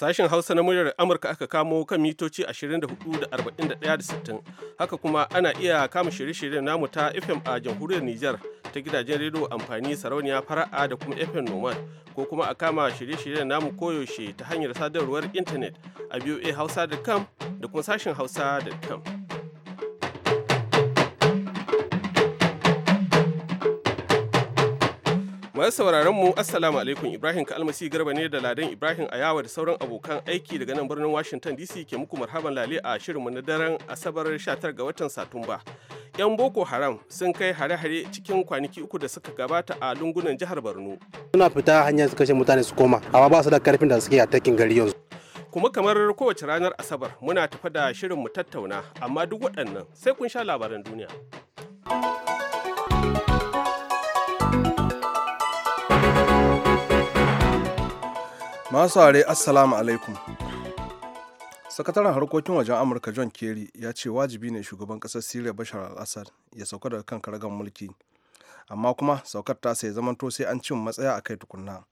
Sashen Hausa na muryar Amurka aka kamo kan mitoci 24 da 41 da 60. Haka kuma ana iya kama shirye-shiryen namu ta FM a jamhuriyar Nijar ta gidajen rediyo amfani sarauniya fara'a da kuma FM Nomad ko kuma a kama shirye-shiryen namu koyaushe ta hanyar sadarwar intanet a hausa da kuma sashen kam. Masu sauraron mu Assalamu alaikum Ibrahim Kalmasi Garba ne da Ladan Ibrahim Ayawa da sauran abokan aiki daga nan birnin Washington DC ke muku marhaban lale a shirinmu na daren Asabar 19 ga watan Satumba. 'Yan Boko Haram sun kai hare-hare cikin kwanaki uku da suka gabata a lungunan jihar Borno. Suna fita hanyar su kashe mutane su koma, amma ba su da karfin da suke takin gari yanzu. Kuma kamar kowace ranar Asabar muna tafa da shirin mu tattauna, amma duk waɗannan sai kun sha labaran duniya. masu are assalamu alaikum sakataren harkokin wajen amurka john kerry ya ce wajibi ne shugaban kasar syria bashar al-assad ya sauka daga kan karagar mulki amma kuma saukar ta sai zamanto sai an cin matsaya a kai tukunna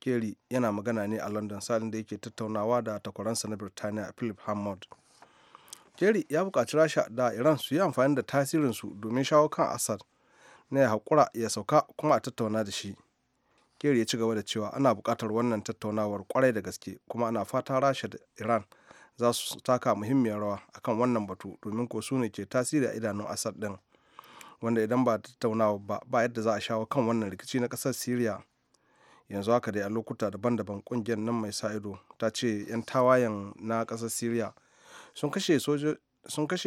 kerry yana magana ne a london salin da yake tattaunawa da takwaransa na birtaniya philip hammond kerry ya buƙaci rasha da iran su yi amfani da tasirinsu domin shawo kan assad na ya haƙura ya sauka kuma a tattauna da shi kerry ya ci gaba da cewa ana buƙatar wannan tattaunawar kwarai da gaske kuma ana fata rasha da iran za su taka muhimmiyar rawa akan wannan batu domin ko su ne ke tasiri a idanun assad din wanda idan ba tattaunawa ba ba yadda za a shawo kan wannan rikici na ƙasar syria yanzu haka dai a lokuta daban-daban kungiyar nan mai sa ido ta ce 'yan tawayen na ƙasar syria sun kashe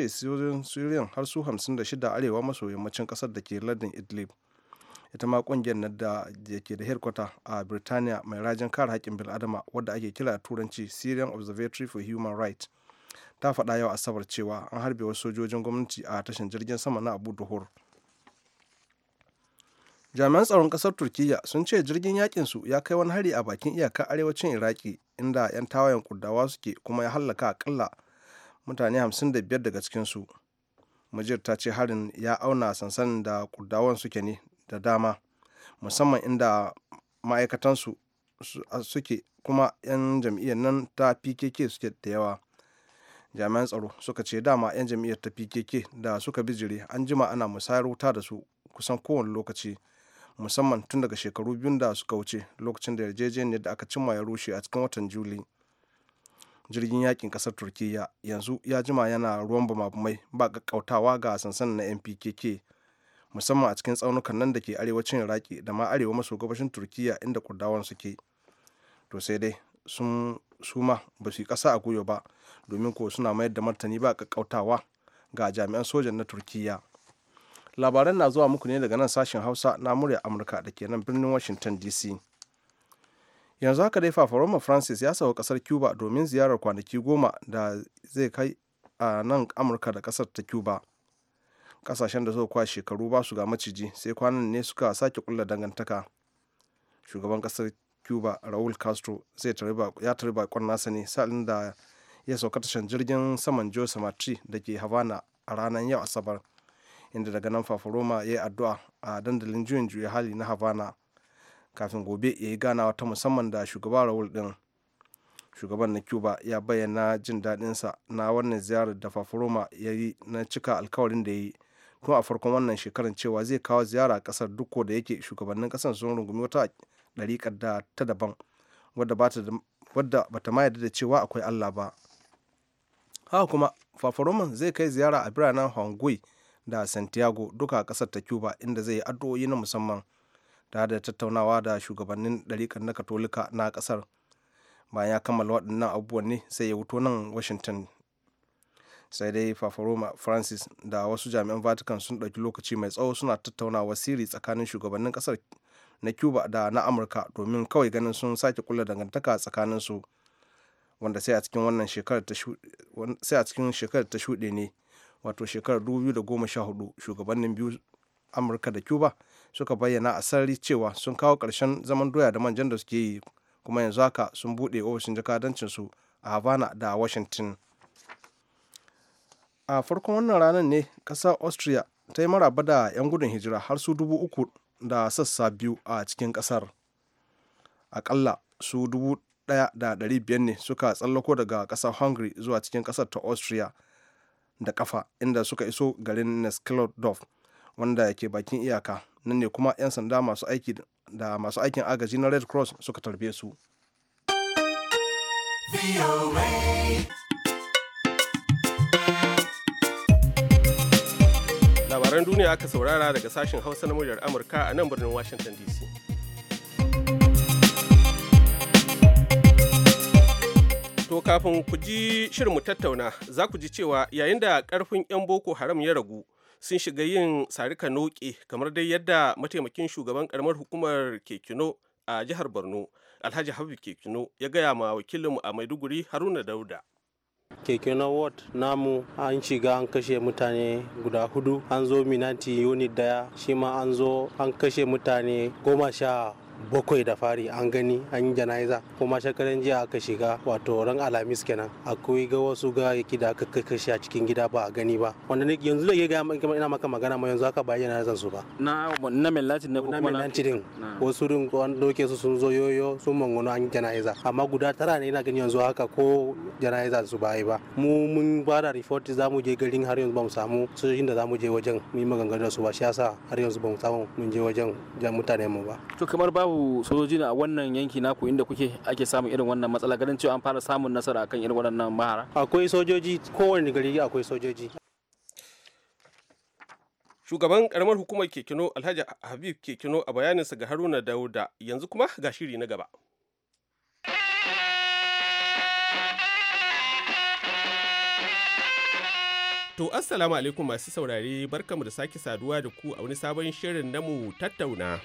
sojojin syrian har su 56 arewa maso yammacin ƙasar da ke lardin idlib ita ma kungiyar na da ke da herkwata a birtaniya mai rajin kare haƙƙin bil'adama wadda ake kira a turanci syrian observatory for human rights ta faɗa yau asabar cewa an harbe wasu sojojin gwamnati a tashin jirgin sama na abu duhur jami'an tsaron ƙasar turkiyya sun ce jirgin yakin su ya kai wani hari a bakin iyakar arewacin iraki inda 'yan tawayen kurdawa suke kuma ya hallaka akalla mutane 55 daga cikinsu majiyar ta ce harin ya auna sansanin da kurdawan suke ne da dama musamman inda ma'aikatansu suke kuma 'yan jam'iyyar nan ta pkk suke da yawa jami'an tsaro suka ce dama 'yan jam'iyyar ta pkk da suka bijire an jima ana musayar wuta da su kusan kowane lokaci musamman tun daga shekaru biyun da suka wuce lokacin da yarjejeniyar da aka cimma ya rushe a cikin watan juli jirgin yakin kasar turkiyya yanzu ya jima yana ruwan bamabumai ba kakkautawa ga sansanin na npkk musamman a cikin tsaunukan nan da ke arewacin iraki da ma arewa maso gabashin turkiya inda kurdawan suke to sai dai sun suma ba su yi ƙasa a goyo ba domin ko suna mayar da martani ba kakkautawa ga jami'an sojan na turkiya labaran na zuwa muku ne daga nan sashen hausa na murya amurka da ke nan birnin washington dc yanzu haka dai fafaroma francis ya sauka kasar cuba domin ziyarar kwanaki goma da zai kai a nan amurka da kasar ta cuba kasashen da suka kwa shekaru ba su ga maciji sai kwanan ne suka sake kulla dangantaka shugaban kasar cuba raul castro zai ya tarbi bakon nasa ne sa'ilin da ya sauka tashan jirgin saman jose matri da ke havana a ranar yau asabar inda daga nan fafaroma ya yi addu'a a dandalin juyin juya hali na havana kafin gobe ya yi ganawa ta musamman da shugaba raul din shugaban na cuba ya bayyana jin daɗinsa na wannan ziyarar da fafaroma ya yi na cika alkawarin da ya yi kuma a farkon wannan shekarar cewa zai kawo ziyara a kasar duk da yake shugabannin kasar sun rungumi wata ɗariƙar da ta daban wadda ba ta ma yarda da cewa akwai Allah ba. Haka kuma Fafaroman zai kai ziyara a biranen Hongui da Santiago duka a kasar ta Cuba inda zai yi addu'o'i na musamman da da tattaunawa da shugabannin ɗariƙar na Katolika na kasar Bayan ya kammala waɗannan abubuwan ne sai ya wuto nan Washington sai dai fafaroma francis da wasu jami'an vatican sun ɗauki lokaci mai tsawo suna tattaunawa siri tsakanin shugabannin ƙasar na cuba da na amurka domin kawai ganin sun sake kula dangantaka tsakanin su wanda sai a cikin wannan shekarar ta shuɗe ne wato shekarar 2014 shugabannin biyu amurka da cuba suka bayyana a sarari cewa sun kawo ƙarshen zaman doya da manjan da suke yi kuma yanzu haka sun buɗe ofishin jakadancinsu a havana da washington a farkon wannan ranar ne ƙasar austria ta yi maraba da 'yan gudun hijira har su dubu uku da sassa biyu a cikin ƙasar aƙalla su dubu ɗaya da ɗari biyar ne suka tsallako daga ƙasar hungary zuwa cikin ƙasar ta austria da ƙafa inda suka iso garin neskilodov wanda ke bakin iyaka nan ne kuma 'yan sanda masu aiki da masu aikin agaji na red cross suka tarbe su labaran duniya aka saurara daga sashen hausa na muryar amurka a nan birnin washington dc to kafin ku ji shirin mu tattauna za ku ji cewa yayin da karfin 'yan boko haram ya ragu sun shiga yin sarika noke kamar dai yadda mataimakin shugaban karamar hukumar kekino a jihar borno alhaji habib kekino ya gaya ma wakilinmu a maiduguri haruna dauda keke na ward namu an shiga an kashe mutane guda hudu an zo minati unit daya shi ma an zo an kashe mutane goma sha bakwai da fari an gani an yi janaiza kuma shekaran jiya aka shiga wato ran alhamis kenan akwai ga wasu yake da aka kashe a cikin gida ba a gani ba wanda ne yanzu da ga ina maka magana ma yanzu aka bayyana zan su ba na na mellati na kuma na mellati din wasu din an doke su sun zo yoyo sun mangono an yi janaiza amma guda tara ne ina gani yanzu haka ko janaiza su ba yi ba mu mun ba da report za mu je garin har yanzu ba mu samu sojojin da za mu je wajen mu yi maganganu da su ba shi yasa har yanzu ba mu samu mun je wajen mutane mu ba to kamar babu babu sojoji a wannan yanki naku inda kuke ake samun irin wannan matsala ganin cewa an fara samun nasara akan irin waɗannan mahara akwai sojoji kowane gari akwai sojoji shugaban karamar hukumar kekino alhaji habib kekino a bayaninsa ga haruna dauda yanzu kuma ga shiri na gaba To assalamu alaikum masu saurare barkamu da sake saduwa da ku a wani sabon shirin namu tattauna.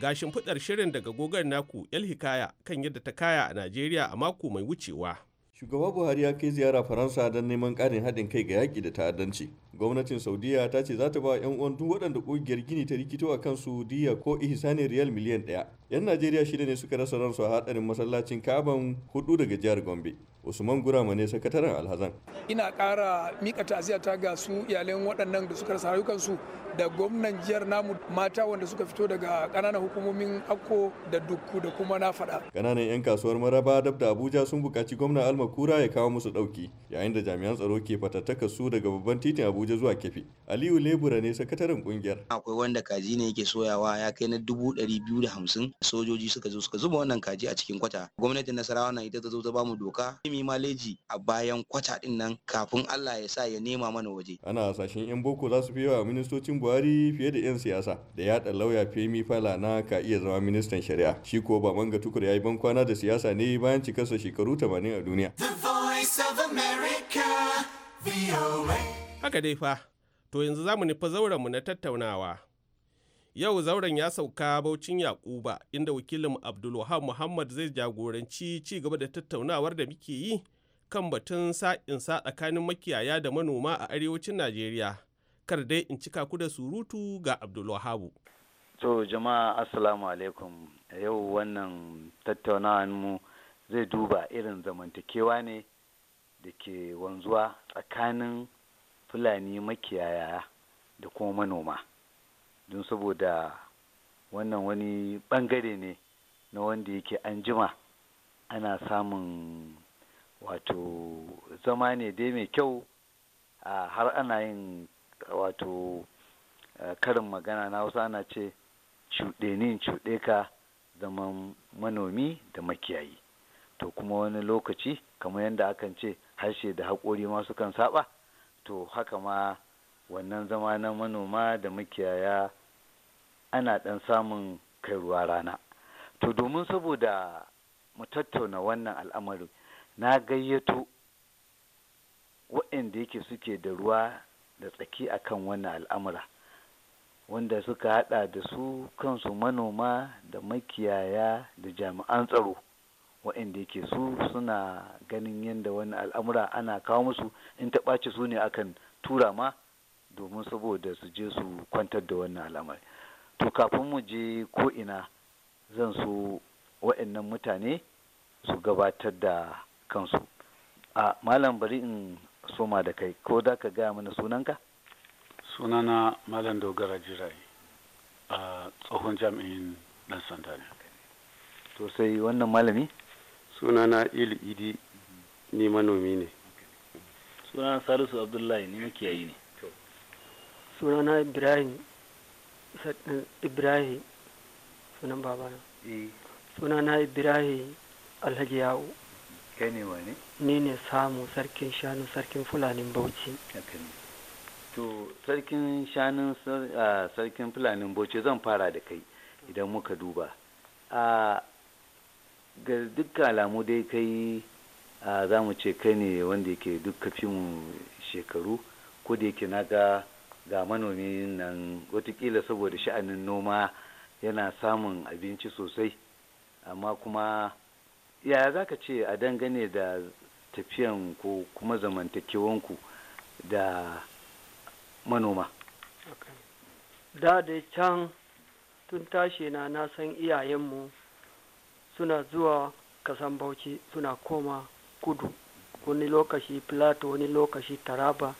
ga shimfiɗar shirin daga gogar naku yal Hikaya kan yadda ta kaya a Najeriya a mako mai wucewa. Shugaba Buhari ya kai ziyara Faransa don neman ƙarin haɗin kai ga yaƙi da ta'addanci. Gwamnatin Saudiya ta ce za ta ba 'yan uwan duk waɗanda ƙungiyar Gini ta rikito a kansu diya ko ihsani riyal miliyan ɗaya. 'Yan Najeriya shida ne suka rasa ransu a haɗarin masallacin Kaban hudu daga jihar Gombe. usman gurama ne sakataren alhazan ina kara mika ta ga su iyalan waɗannan da suka rasa rayukansu da gwamnan jihar namu mata wanda suka fito daga ƙananan hukumomin akko da dukku da kuma na faɗa ƙananan 'yan kasuwar maraba dab da abuja sun buƙaci gwamnan almakura ya kawo musu ɗauki yayin da jami'an tsaro ke fatattaka su daga babban titin abuja zuwa kefi aliyu lebura ne sakataren ƙungiyar akwai wanda kaji ne yake soyawa ya kai na dubu ɗari biyu da hamsin sojoji suka zo suka zuba wannan kaji a cikin kwata gwamnatin nasarawa na ita ta zo ta bamu doka mu yi maleji a bayan kwata din nan kafin Allah ya sa ya nema mana waje ana hasashen yan boko za su fi yawa ministocin Buhari fiye da yan siyasa da yaɗa lauya Femi Falana ka iya zama ministan shari'a shi ko ba manga tukur ya yi ban kwana da siyasa ne bayan cikarsa shekaru 80 a duniya The Voice of America Haka dai fa to yanzu zamu nufi zauren mu na tattaunawa Yau zauren ya sauka Baucin Yakuba inda wakilin Abdulwahab Muhammad zai jagoranci ci gaba da tattaunawar da muke yi kan batun sa tsakanin makiyaya da manoma a arewacin Najeriya. Kar dai in cika ku da surutu ga Abdulwahabu. To jama'a assalamu alaikum. Yau wannan tattaunawar mu zai duba irin zamantakewa ne da ke wanzuwa tsakanin Fulani makiyaya da kuma manoma. don saboda wannan wani bangare ne na wanda yake an jima ana samun wato zama ne dai mai kyau a har ana yin wato karin magana na wasu ana ce cuɗenin cuɗeka cuɗe ka zaman manomi da makiyayi to kuma wani lokaci kamar yadda akan ce harshe da haƙori ma sukan saba to haka ma wannan zama na manoma da makiyaya ana ɗan samun kai ruwa rana to domin saboda mu tattauna wannan al'amarin na gayyato waɗanda yake suke da ruwa da tsaki akan wannan al'amura wanda suka haɗa da su kansu manoma da makiyaya da jami'an tsaro waɗanda yake su suna ganin yadda wani al'amura ana kawo musu in ta ɓaci su ne akan tura ma domin saboda su je su kwantar da wannan al'amari to kafin mu je ko ina zan so wa'annan mutane su gabatar da kansu a malam bari in soma da kai ko za ka gaya mana sunanka sunana malam dogara jirai a tsohon jami'in dan sanda ne to sai wannan malami sunana ili idi ni manomi ne sunana salisu abdullahi ni makiyayi ne sunana ibrahim ibrahim sunan babana eh. sunana ibrahim alhaji yawo kai ne wane ni ne samu sarkin shanu sarkin fulanin bauchi to sarkin shanu sarkin fulanin bauchi zan fara da kai idan muka duba a ga dukkan alamu dai kai za mu ce kai ne wanda yake duk kafin shekaru ko da yake na ga ga manomi nan watakila saboda sha'anin noma yana samun abinci sosai amma kuma yaya za ka ce a dangane da tafiyan ko kuma zamantakewanku da manoma da da can tun tashi na na san iyayenmu suna zuwa kasan bauchi suna koma kudu wani lokaci plato wani lokaci taraba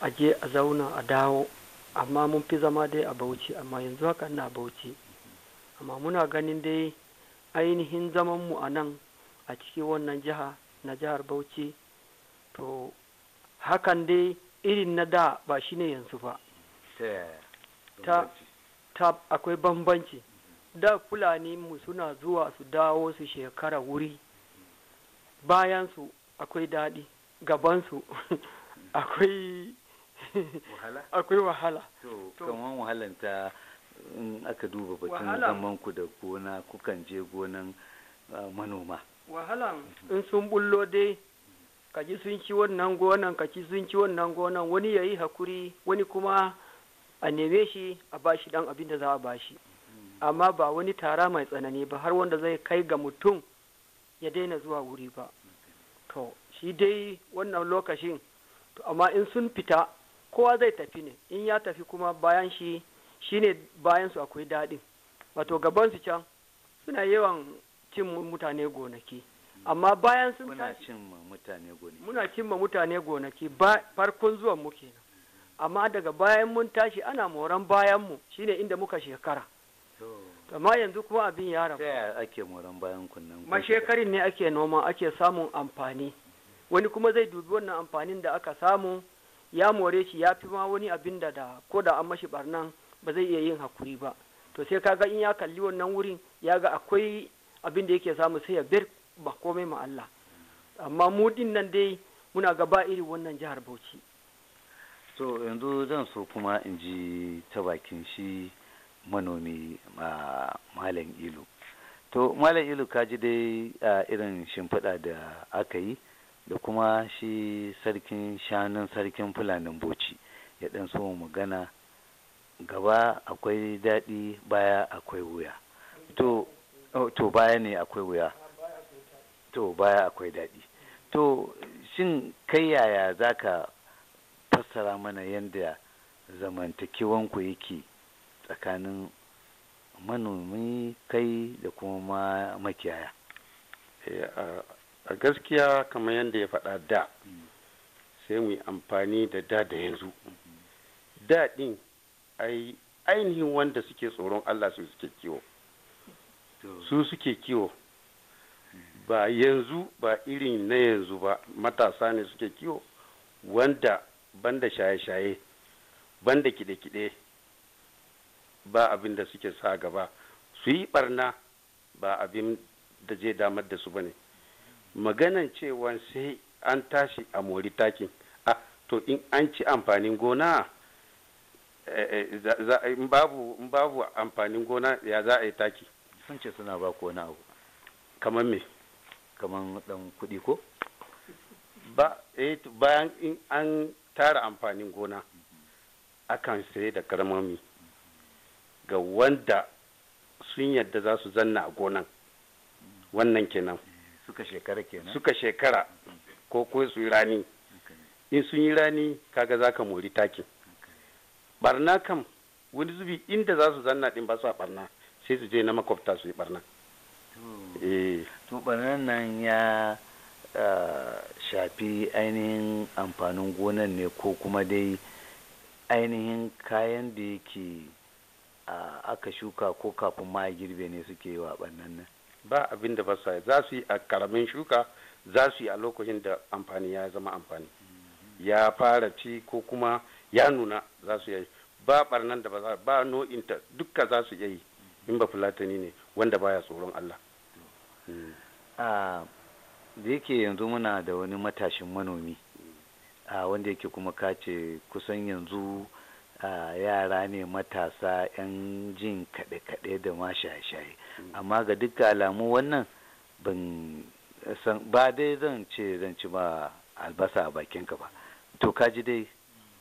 a je a zauna a dawo amma mun fi zama dai a bauchi amma yanzu haka ina bauchi amma muna ganin dai ainihin zaman mu a nan a cikin wannan jiha na jihar bauchi to hakan dai irin na da ba shi ne yanzu ba ta, ta akwai bambanci da fulani mu suna zuwa su dawo su shekara wuri bayan su akwai daɗi gabansu akwai akwai wahala to kaman wahalan ta in aka duba batun zaman ku da gona kukan je gonan ah, manoma wahalan mm-hmm. in sun bullo dai kaji sun ci wannan gonan kaji sun ci wannan gonan wani yayi hakuri wani kuma a neme shi a bashi dan abin da za a bashi mm-hmm. amma ba wani tara mai tsanani ba har wanda zai kai ga mutum ya daina zuwa wuri ba to shi dai wannan lokacin to amma in sun fita kowa zai tafi ne in ya tafi kuma bayan shi shine bayan su akwai daɗin wato gaban su can suna yawan cin mutane gonaki amma bayan sun muna cin mutane gonaki muna cin mutane gonaki farkon zuwan mu kenan amma daga bayan mun tashi ana moran bayan mu shine inda muka shekara amma yanzu kuma abin ya rabu ake moran bayan kunnan mashekarin ne ake noma ake samun amfani wani kuma zai dubi wannan amfanin da aka samu ya more shi ya fi ma wani abin da ko da an mashi barnan ba zai iya yin hakuri ba to sai ka ga in ya kalli wannan wurin ya ga akwai abin da yake samu sai ya bir ba komai ma Allah amma mu din nan dai muna gaba iri wannan jihar Bauchi to yanzu zan so kuma in ji ta bakin shi manomi ma ah, malam ilu to malam ilu ji dai ah, irin shimfiɗa da aka yi da kuma shi sarkin shanun sarkin fulanin boci ya ɗan so magana gaba akwai daɗi baya akwai wuya oh, to baya ne akwai wuya to baya akwai daɗi to shin kai yaya za ka fassara mana yadda zamantakewanku yake tsakanin manomi kai da kuma makiyaya eh, a gaskiya kamar yadda ya faɗa da sai mu yi amfani da da da yanzu da ɗin ainihin wanda suke tsoron allah su suke kiwo su suke kiwo ba yanzu ba irin na yanzu ba matasa ne suke kiwo wanda banda shaye-shaye banda kide-kide ba abin da suke sa gaba su yi barna ba abin da zai damar da su ba ne maganan cewa sai an tashi a mori takin a to in an ci amfanin gona eh, eh, in babu amfanin gona ya za a yi taki sun ce suna ba kona abu kamar me kamar dan kudi ko ba eh, bayan in an tara amfanin gona akan saye da karmami ga wanda sun yadda za su zanna a gonan wannan kenan suka shekara kenan suka shekara ko ko su yi rani in sun yi rani kaga za ka mori taki barna kam wani zubi inda za su zanna din ba su a barna sai su je na makwabta su yi barna to eh. barna nan ya ah, shafi ainihin amfanin gonan ne ko kuma dai ainihin kayan da yake ah, aka shuka ko kafin ma girbe ne suke yi wa barnan nan ba abin da ba sa za su yi a karamin shuka za su yi a lokacin da amfani ya zama amfani ya fara ci ko kuma ya nuna za su yi ba barnan da ba za ba no'in ta dukka za su yi in ba fulatani ne wanda baya tsoron Allah hmm. ah, da yake yanzu muna da wani matashin manomi a ah, wanda yake kuma kace kusan yanzu yara ne matasa 'yan jin kaɗe-kaɗe da ma shaye-shaye mm. amma ga duka alamu wannan ban ba dai zan ce zan ci ba albasa a bakinka ba to kaji dai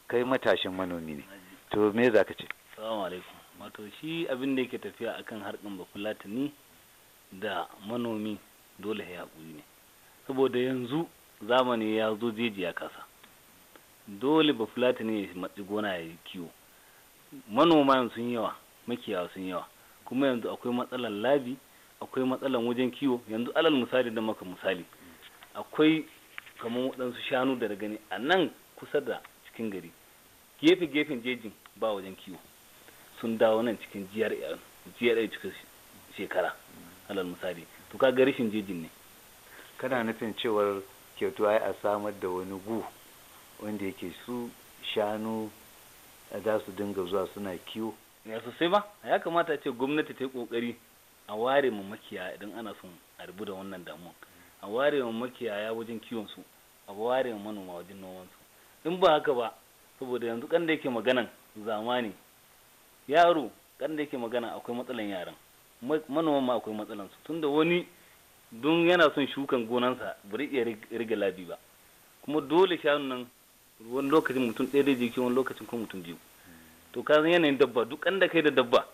kai matashin manomi ne to me za ka ce salamu alaikum wato shi abin da yake tafiya akan harkan bafulatani da manomi dole ya ne saboda yanzu zamani ya zo jeji ya kasa dole ba fulatani ya matsi gona ya yi kiwo manoma sun yawa makiyawa sun yawa kuma yanzu akwai matsalar labi akwai matsalar wajen kiwo yanzu alal misali da maka misali akwai kamar waɗansu shanu da gani a nan kusa da cikin gari gefe gefen jejin ba wajen kiwo sun dawo nan cikin GRA cikin shekara alal misali to ka ga rashin jejin ne kana nufin cewar kyautu ai a samar da wani gu wanda yake su shanu za su dinga zuwa suna kiwo ya sosai ba ya kamata ce gwamnati ta yi kokari a ware mu makiya idan ana son a rubu da wannan damuwa a ware mu makiyaya wajen kiwon su a ware mu manoma wajen noman su in ba haka ba saboda yanzu kan da yake maganan zamani yaro kan da yake magana akwai matsalan yaran manoman ma akwai matsalan su tunda wani don yana son shukan gonansa bari iya riga labi ba kuma dole shanun nan wani lokacin mutum ɗaya zai jiki wani lokacin ko mutum biyu to ka san yanayin dabba duk da kai da dabba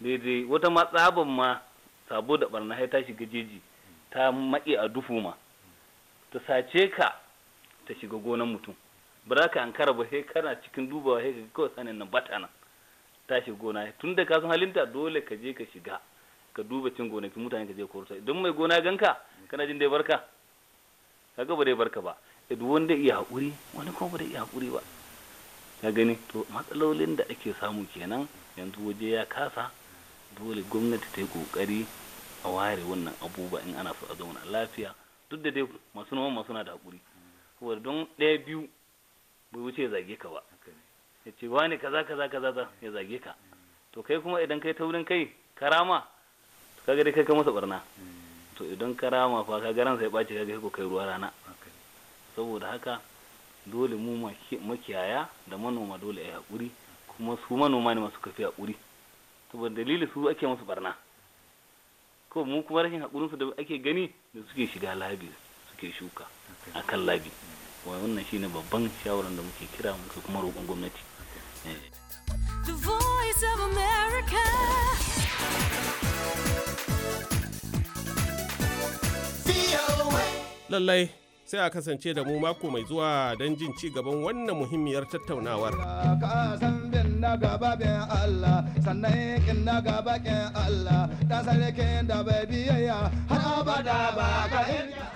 daidai wata ma tsaban ma sabo da barna ya ta shiga jeji ta maƙe a dufu ma ta sace ka ta shiga gonan mutum ba za ka ankara ba sai kana cikin dubawa sai ka kawai sanin nan bata nan ta shiga gona tun da ka san halinta dole ka je ka shiga ka duba cin gonakin mutane ka je ka korota idan mai gona ganka kana jin dai barka kaga ba dai barka ba duk wanda iya haƙuri wani kuma bai iya haƙuri ba ka gani to matsalolin da ake samu kenan yanzu waje ya kasa dole gwamnati ta yi ƙoƙari a ware wannan abubuwa in ana so a zauna lafiya duk da dai masu noman masu na da haƙuri saboda don ɗaya biyu bai wuce ya zage ka ba ya ce wani kaza kaza kaza ya zage ka to kai kuma idan kai taurin kai karama kaga dai kai ka masa barna hmm. to idan karama fa ka garan sai ya ɓaci kaga ko kai ruwa rana saboda haka dole mu makiyaya da manoma dole ya haƙuri kuma su manoma ne masu kafi haƙuri saboda dalili su ake masu barna ko mu kuma rashin haƙurinsu da ake gani da suke shiga labi suke shuka a kan labi wannan shi ne babban shawaran da muke kira muke kuma roƙon gwamnati Lallai sai a kasance da mu mako mai zuwa don jin ci gaban wannan muhimmiyar tattaunawar.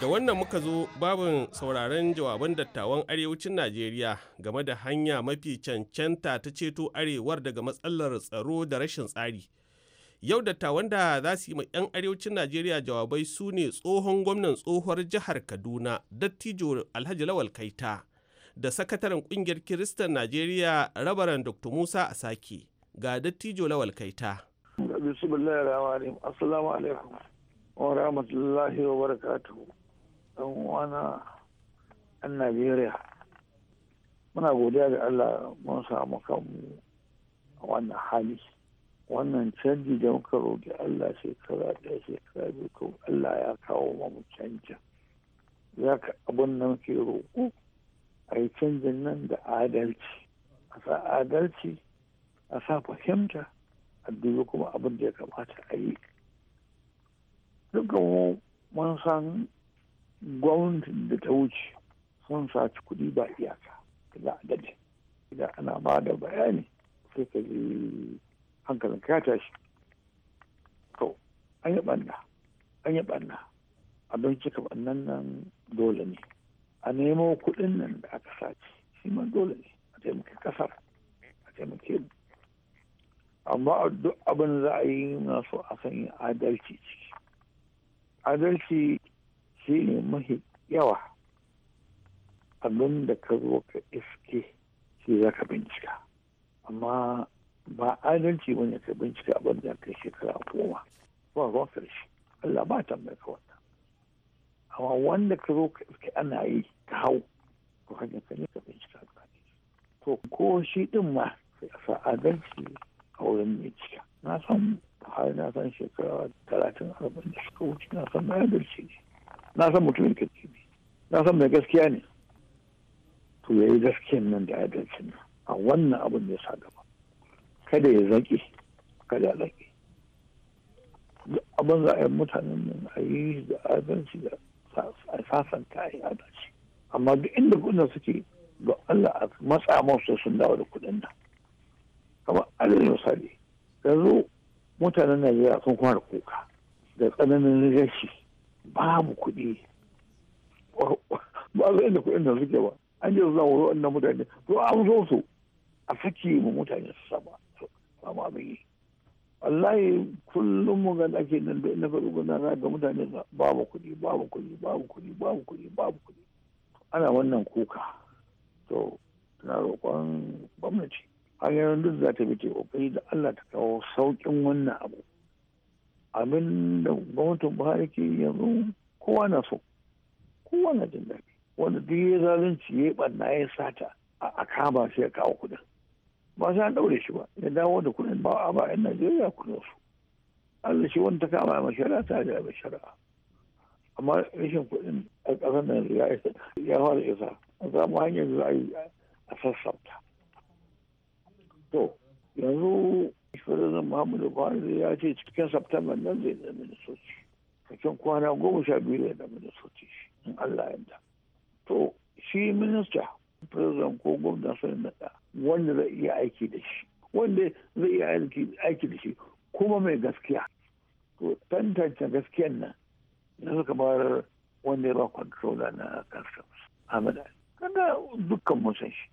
Da wannan muka zo babin sauraron jawaban dattawan arewacin Najeriya game da hanya mafi cancanta ta ceto arewar daga matsalar tsaro da rashin tsari. Yau dattawan da za su yi ma 'yan arewacin Najeriya jawabai su ne tsohon gwamnan tsohuwar jihar Kaduna, Dattijo Alhaji Lawal Kaita, da sakataren kungiyar Kiristan Najeriya Rabaran Dr. Musa Asaki, ga Dattijo Lawal Kaita. Muna godiya da Allah mun samu kanmu a wannan hali. wannan canji da muka roƙi Allah shekara ɗaya shekara biyu ko Allah ya kawo mu canjin za ka abin nan ke roƙo a yi canjin nan da adalci a sa adalci a sa fahimta a dubi kuma abin da ya kamata a yi dukkan mun san gwamnatin da ta wuce sun saci kuɗi ba iyaka da adalci idan ana ba da bayani sai ka hankalin ka tashi to an yi banna an yi ɓanna abin cika bannan nan dole ne a nemo kuɗin nan da aka sace shi ma dole ne a taimaki ƙasar a taimaki mu amma duk abin za a yi na so a san adalci ciki adalci shi ne mahi yawa abin da ka zo ka iske shi za ka bincika amma ba adalci wani ka bincika abin da kai shekara goma ba ruwan karshe Allah ba ta mai kawata amma wanda ka zo ka ana yi ka hau to hanyar ka ne ka bincika ba to ko shi din ma sai a sa adalci a wurin mai cika na san har na san shekara talatin arba'in da suka wuce na san mai adalci ne na san mutumin kirki ne na san mai gaskiya ne to ya yi gaskiyan nan da adalcin nan a wannan abin da ya sa gaba kada ya zaƙi kada ya zaƙi abin za a yi mutanen nan a yi da adalci da a sasanta a yi adalci amma duk inda kudin suke ga Allah a matsa masu sun dawo da kudin nan kamar alal misali yanzu mutanen Najeriya sun kuma da kuka da tsananin rashi babu kuɗi ba zai da kuɗin nan suke ba an yi zuwa wurin wannan mutane to an zo su a saki mu mutane su sama ba abin yi wallahi kullum mu ga ake nan da ina faɗi gudan ga mutane babu kuɗi babu kuɗi babu kuɗi babu kuɗi babu kuɗi ana wannan kuka to na roƙon gwamnati hanyar duk za ta bi ƙoƙari da Allah ta kawo saukin wannan abu abin da gwamnatin Buhari ke yanzu kowa na so kowa na jin daɗi wanda duk ya zalunci ya ɓanna ya sata a kama shi ya kawo kuɗin ba sai daure shi ba ya dawo da kuɗin ba a ba 'yan najeriya kuɗin su allah shi wani ta kama ma shari'a ta da ma shari'a amma rashin kuɗin a ƙasar nan ya fara isa a samu hanyar da za a yi a sassauta to yanzu Firizin Muhammadu Buhari ya ce cikin September nan zai da a Cikin kwana goma sha biyu zai da Minnesota in Allah yadda. To, shi minista president ko gwamna na naɗa wanda zai iya aiki da shi wanda zai iya aiki da shi kuma mai gaskiya to tantance gaskiyan nan suka kamar wanda ya ba kwantrola na customs Ahmed kada dukkan mun san shi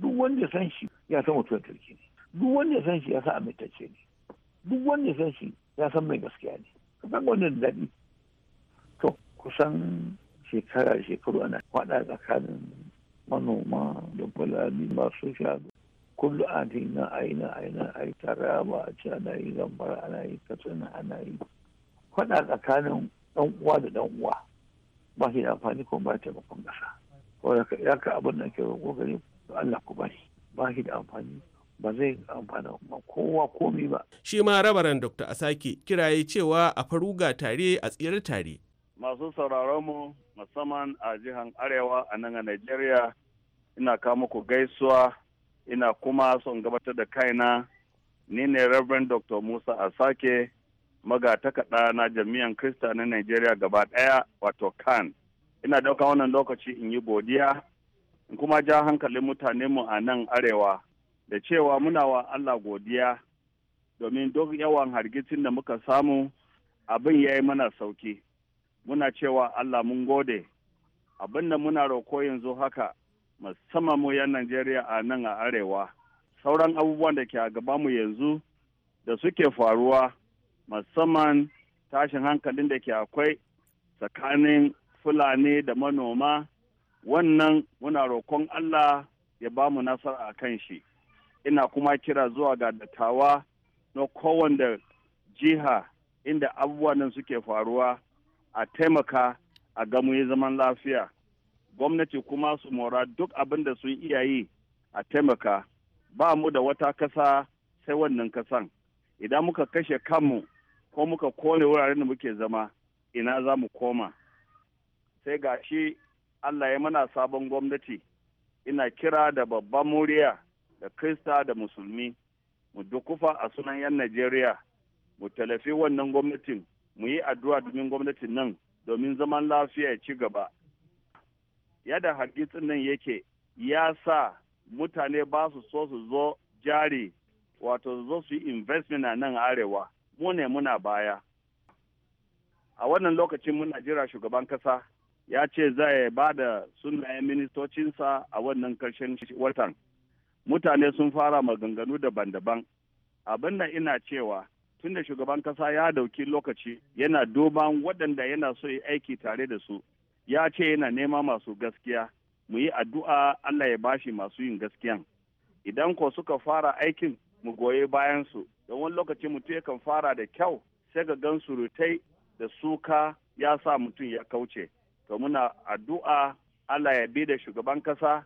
duk wanda ya san shi ya san mutuwar kirki ne duk wanda ya san shi ya san amintacce ne duk wanda ya san shi ya san mai gaskiya ne kaga wannan daɗi to kusan shekara shekaru ana faɗa tsakanin manoma da fulani masu shanu kullu adina aina aina ai taraba a ci ana yi zambar ana yi katsina ana yi faɗa tsakanin ɗan uwa da ɗan uwa ba shi da amfani ko ba taimakon ƙasa ko da ka abin da ke roƙo gare Allah ku bari ba shi da amfani ba zai amfana ma kowa komi ba. Shi ma rabaran Dr. Asake kiraye cewa a faruga tare a tsira tare masu sauraronmu musamman a jihar arewa a nan a Najeriya ina kawo ku gaisuwa ina kuma son gabatar da kaina ni ne Reverend Dr. Musa Asake magatakaɗa na jami'an Krista na Najeriya gaba ɗaya wato kan ina ɗauka wannan lokaci in yi godiya in kuma ja hankalin mu a nan arewa da cewa muna wa Allah godiya domin duk yawan hargitsin da muka samu abin ya yi mana sauki. muna cewa Allah mun gode abinda muna roko yanzu haka musamman mu yan Najeriya a nan a arewa sauran abubuwan da ke a gaba mu yanzu da suke faruwa musamman tashin hankalin da ke akwai tsakanin fulani da manoma wannan muna roƙon Allah ya ba mu nasara a kan shi ina kuma kira zuwa ga dattawa na kowanne jiha inda abubuwan nan suke faruwa a taimaka a gamu zaman lafiya gwamnati kuma su mora duk abin da sun iya yi a taimaka ba mu da wata kasa sai wannan kasan idan muka kashe kanmu ko muka kone wuraren da muke zama ina za mu koma sai ga shi allah ya mana sabon gwamnati ina kira da babban muriya da krista da musulmi mu dukufa a sunan 'yan najeriya mu talafi wannan gwamnatin mu yi addu'a domin gwamnatin nan domin zaman lafiya ya ci gaba yadda hargitsin nan yake ya sa mutane ba su so su zo jari wato zo su yi investment a nan arewa mu ne muna baya a wannan lokacin muna jira shugaban kasa ya ce zai ba da sunayen ministocinsa a wannan karshen watan mutane sun fara maganganu daban-daban abin da ina cewa tun da shugaban kasa ya dauki lokaci yana duban waɗanda yana so yi aiki tare da su ya ce yana nema masu gaskiya mu yi addu'a Allah ya bashi masu yin gaskiyan idan ko suka fara aikin mu goye bayan su don wani lokaci mutum kan fara da kyau sai ga gan surutai da suka ya sa mutum ya kauce to muna addu'a Allah ya bi da shugaban kasa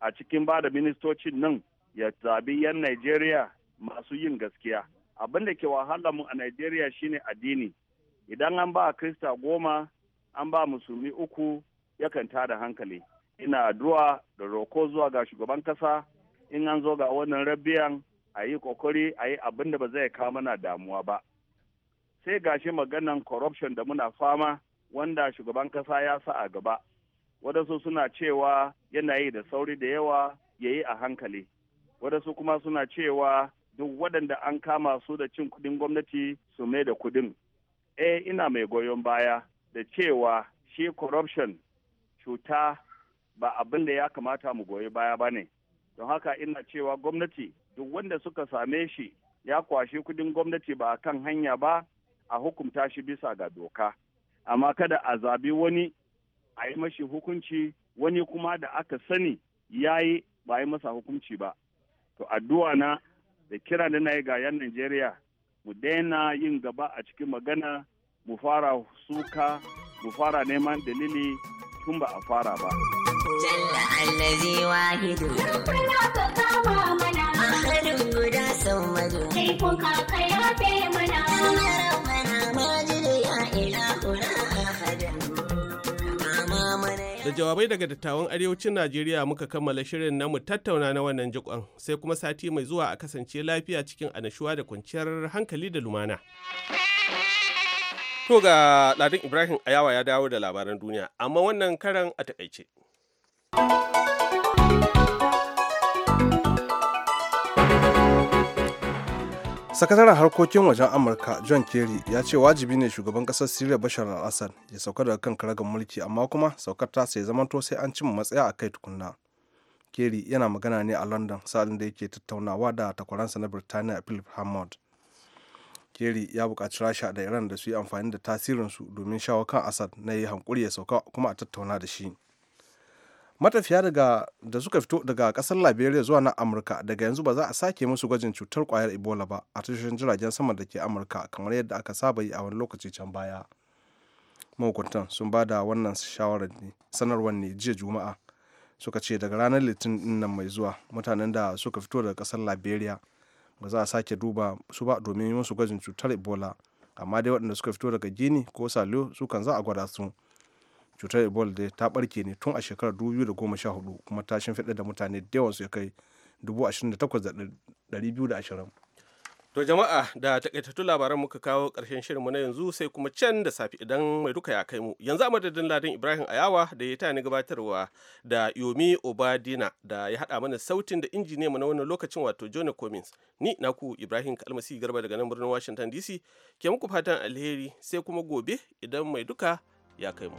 a cikin ba da ministocin nan ya zabi 'yan Najeriya masu yin gaskiya. abin da ke wahala mu a Najeriya shine addini idan an ba Krista goma an ba musulmi uku yakan da hankali ina addu'a da roko zuwa ga shugaban kasa in an zo ga wannan rabbiyan a yi kokari a yi abin da ba zai kawo mana damuwa ba sai gashi maganan corruption da muna fama wanda shugaban kasa ya sa a gaba wadansu suna cewa yana yi da sauri da yawa ya yi a hankali wadansu kuma suna cewa duk waɗanda an kama su da cin kuɗin gwamnati su mai da kuɗin. E ina mai goyon baya da cewa shi corruption cuta ba abin da ya kamata mu goyi baya ba ne. Don haka ina cewa gwamnati duk wanda suka same shi ya kwashe kuɗin gwamnati ba a kan hanya ba a hukumta shi bisa ga doka. Amma kada a zabi wani a yi mashi hukunci wani kuma da aka sani ya yi ba a yi masa hukunci ba. To addu'a na da kira da na yi ga 'yan Najeriya mu daina yin gaba a cikin magana mu fara suka mu fara neman dalili tun ba a fara ba. Jalla allazi wahidu. ya ka kama mana. Ahadun guda sau madu. Sai kun kaka ya Da jawabai daga dattawan arewacin Najeriya muka kammala shirin namu tattauna na wannan jikon sai kuma sati mai zuwa a kasance lafiya cikin anashuwa da kwanciyar hankali da lumana. To ga Ladin Ibrahim Ayawa ya dawo da labaran duniya, amma wannan karan a takaice. sakataren harkokin wajen amurka john kerry ya ce wajibi ne shugaban kasar siriya bashar al-assad ya sauka daga kan karagar mulki amma kuma saukar ta sai zamanto sai an cimma matsaya a kai tukunna kerry yana magana ne a london sa'adin da yake tattaunawa da takwaransa na birtaniya philip hammond kerry ya bukaci rasha da iran da su yi amfani da tasirinsu domin shawo kan assad na yi hankuri ya sauka kuma a tattauna da shi matafiya daga da suka fito daga kasar liberia zuwa na amurka daga yanzu ba za a sake musu gwajin cutar kwayar ebola ba a tashoshin jiragen sama da ke amurka kamar yadda aka saba yi a wani lokaci can baya mahukuntan sun ba da wannan shawarar sanarwar ne jiya juma'a suka ce daga ranar litinin nan mai zuwa mutanen da suka fito daga kasar liberia ba za a sake duba su ba domin yi musu gwajin cutar ebola amma dai waɗanda suka fito daga gini ko salo su kan za a gwada su cutar ebola dai ta barke ne tun a shekarar 2014 kuma ta shimfiɗa da mutane da yawan su ya kai 28,220 to jama'a da takaitattun labaran muka kawo ƙarshen mu na yanzu sai kuma can da safi idan mai duka ya kai mu yanzu a madadin ladin ibrahim ayawa da ya tani gabatarwa da yomi obadina da ya haɗa mana sautin da injiniya mu na wannan lokacin wato johnny cummins ni naku ibrahim kalmasi garba daga nan birnin washington dc ke muku fatan alheri sai kuma gobe idan mai duka ya kai mu.